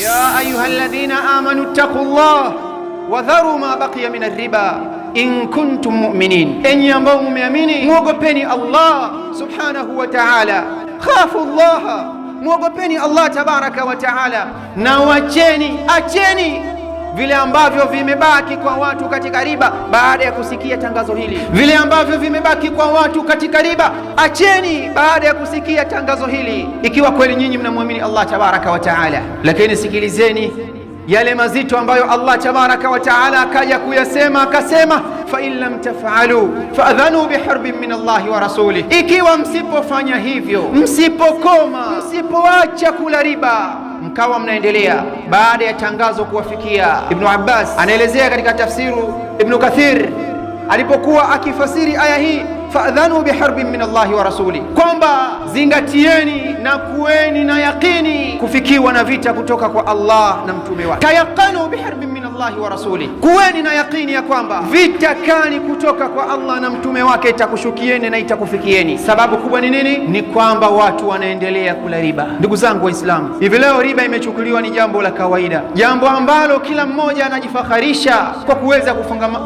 ya ayuha alladhina amanu ttaqullah wadharu ma baqiya min arriba in kuntum mu'minin, enyi ambao mumeamini mwogopeni Allah subhanahu wa ta'ala. Khafu llaha, mwogopeni Allah tabaraka wa ta'ala, na wacheni acheni vile ambavyo vimebaki kwa watu katika riba baada ya kusikia tangazo hili, vile ambavyo vimebaki kwa watu katika riba acheni baada ya kusikia tangazo hili, ikiwa kweli nyinyi mnamwamini Allah tabaraka wa taala. Lakini sikilizeni yale mazito ambayo Allah tabaraka wa taala akaja kuyasema, akasema in lam taf'alu faadhanu biharbin min Allahi wa rasulih, ikiwa msipofanya hivyo, msipokoma, msipoacha kula riba mkawa mnaendelea baada ya tangazo kuwafikia. Ibnu Abbas anaelezea katika tafsiru Ibnu Kathir alipokuwa akifasiri aya hii fadhanu biharbin min Allahi wa rasuli, kwamba zingatieni na kuweni na yakini kufikiwa na vita kutoka kwa Allah na mtume wake. Tayaqanu biharbin min Allahi wa rasuli, kuweni na yakini ya kwamba vita kali kutoka kwa Allah na mtume wake itakushukieni na itakufikieni. Sababu kubwa ni nini? Ni kwamba watu wanaendelea kula riba. Ndugu zangu Waislamu, hivi leo riba imechukuliwa ni jambo la kawaida, jambo ambalo kila mmoja anajifaharisha kwa kuweza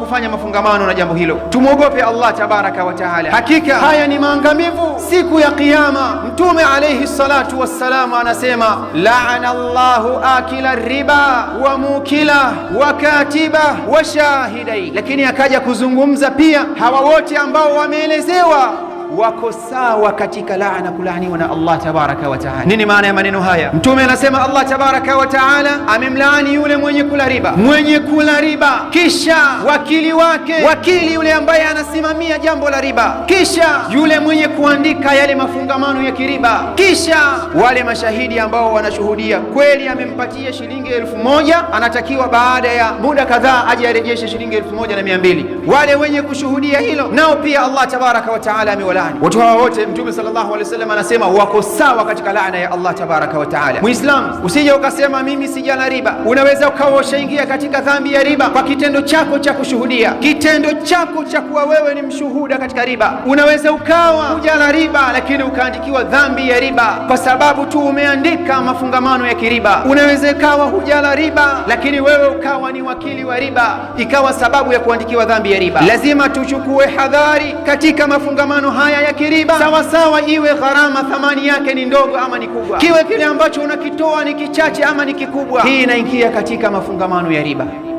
kufanya mafungamano na jambo hilo. Tumwogope Allah tabaraka wa taala taala, hakika haya ni maangamivu siku ya Kiyama. Mtume alayhi salatu wassalamu anasema, laana llahu akila riba wa mukila wa katiba wa shahidai. Lakini akaja kuzungumza pia hawa wote ambao wameelezewa wako sawa katika laana, kulaaniwa na Allah tabaraka wa taala. Nini maana ya maneno haya? Mtume anasema Allah tabaraka wa taala amemlaani yule mwenye kula riba, mwenye kula riba, kisha wakili wake, wakili yule ambaye anasimamia jambo la riba, kisha yule mwenye kuandika yale mafungamano ya kiriba, kisha wale mashahidi ambao wanashuhudia kweli amempatia shilingi elfu moja anatakiwa baada ya muda kadhaa aje arejeshe shilingi elfu moja na mia mbili Wale wenye kushuhudia hilo nao pia Allah tabaraka wa taala amewa laani. Watu hawa wote Mtume sallallahu alaihi wasallam anasema wako sawa katika laana ya Allah tabaraka wa taala. Muislam, usije ukasema mimi sijala riba. Unaweza ukawa ushaingia katika dhambi ya riba kwa kitendo chako cha kushuhudia, kitendo chako cha kuwa wewe ni mshuhuda katika riba. Unaweza ukawa hujala riba, lakini ukaandikiwa dhambi ya riba kwa sababu tu umeandika mafungamano ya kiriba. Unaweza ukawa hujala riba, lakini wewe ukawa ni wakili wa riba, ikawa sababu ya kuandikiwa dhambi ya riba. Lazima tuchukue hadhari katika mafungamano haya haya ya kiriba sawa, iwe gharama thamani yake ni ndogo ama ni kubwa, kiwe kile ambacho unakitoa ni kichache ama ni kikubwa, hii inaingia katika mafungamano ya riba.